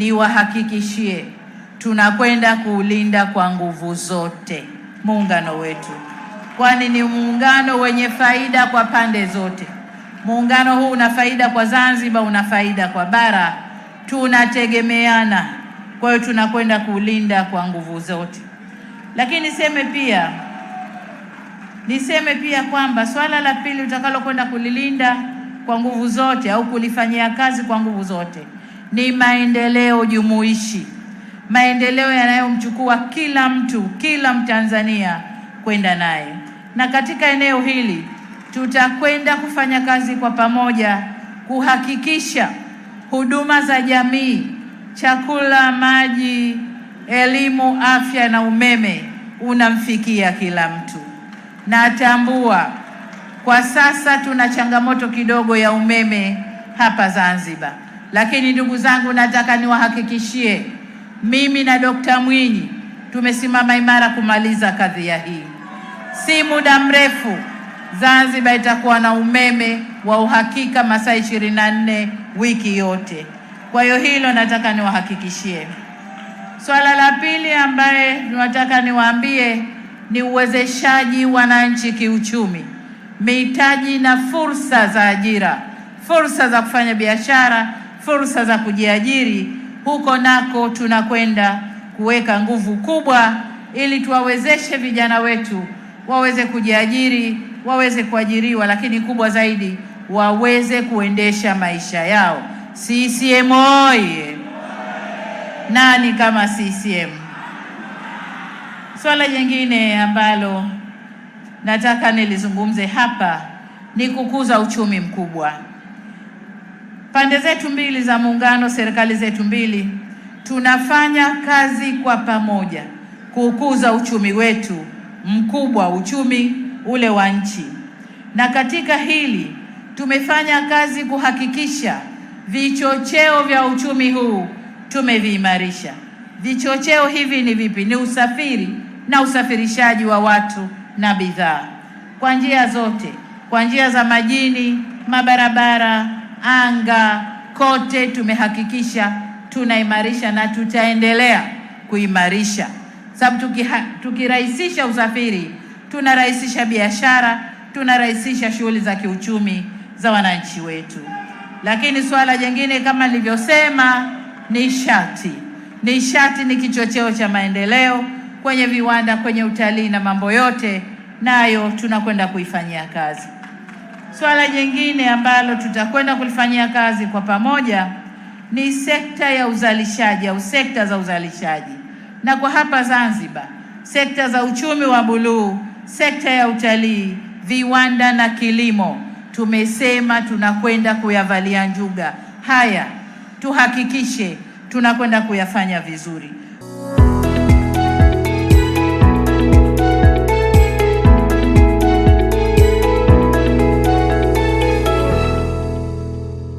niwahakikishie tunakwenda kuulinda kwa nguvu zote muungano wetu, kwani ni muungano wenye faida kwa pande zote. Muungano huu una faida kwa Zanzibar, una faida kwa bara, tunategemeana. Kwa hiyo tunakwenda kuulinda kwa nguvu zote, lakini niseme pia niseme pia kwamba swala la pili utakalokwenda kulilinda kwa nguvu zote au kulifanyia kazi kwa nguvu zote ni maendeleo jumuishi, maendeleo yanayomchukua kila mtu, kila Mtanzania kwenda naye. Na katika eneo hili tutakwenda kufanya kazi kwa pamoja kuhakikisha huduma za jamii, chakula, maji, elimu, afya na umeme unamfikia kila mtu. Natambua kwa sasa tuna changamoto kidogo ya umeme hapa Zanzibar. Lakini ndugu zangu, nataka niwahakikishie mimi na Dokta Mwinyi tumesimama imara kumaliza kadhia hii. Si muda mrefu Zanzibar itakuwa na umeme wa uhakika masaa ishirini na nne wiki yote. Kwa hiyo hilo nataka niwahakikishie. Swala la pili ambaye nataka niwaambie ni uwezeshaji wananchi kiuchumi, mitaji na fursa za ajira, fursa za kufanya biashara fursa za kujiajiri, huko nako tunakwenda kuweka nguvu kubwa ili tuwawezeshe vijana wetu waweze kujiajiri, waweze kuajiriwa, lakini kubwa zaidi waweze kuendesha maisha yao. CCM oye! Nani kama CCM? Swala jingine ambalo nataka nilizungumze hapa ni kukuza uchumi mkubwa pande zetu mbili za muungano, serikali zetu mbili, tunafanya kazi kwa pamoja kukuza uchumi wetu mkubwa, uchumi ule wa nchi. Na katika hili tumefanya kazi kuhakikisha vichocheo vya uchumi huu tumeviimarisha. Vichocheo hivi ni vipi? Ni usafiri na usafirishaji wa watu na bidhaa kwa njia zote, kwa njia za majini, mabarabara anga, kote tumehakikisha tunaimarisha na tutaendelea kuimarisha, sababu tukirahisisha usafiri tunarahisisha biashara, tunarahisisha shughuli za kiuchumi za wananchi wetu. Lakini suala jingine kama nilivyosema, nishati. Nishati ni kichocheo cha maendeleo kwenye viwanda, kwenye utalii na mambo yote nayo tunakwenda kuifanyia kazi. Swala jingine ambalo tutakwenda kulifanyia kazi kwa pamoja ni sekta ya uzalishaji au sekta za uzalishaji, na kwa hapa Zanzibar, sekta za uchumi wa buluu, sekta ya utalii, viwanda na kilimo. Tumesema tunakwenda kuyavalia njuga haya, tuhakikishe tunakwenda kuyafanya vizuri.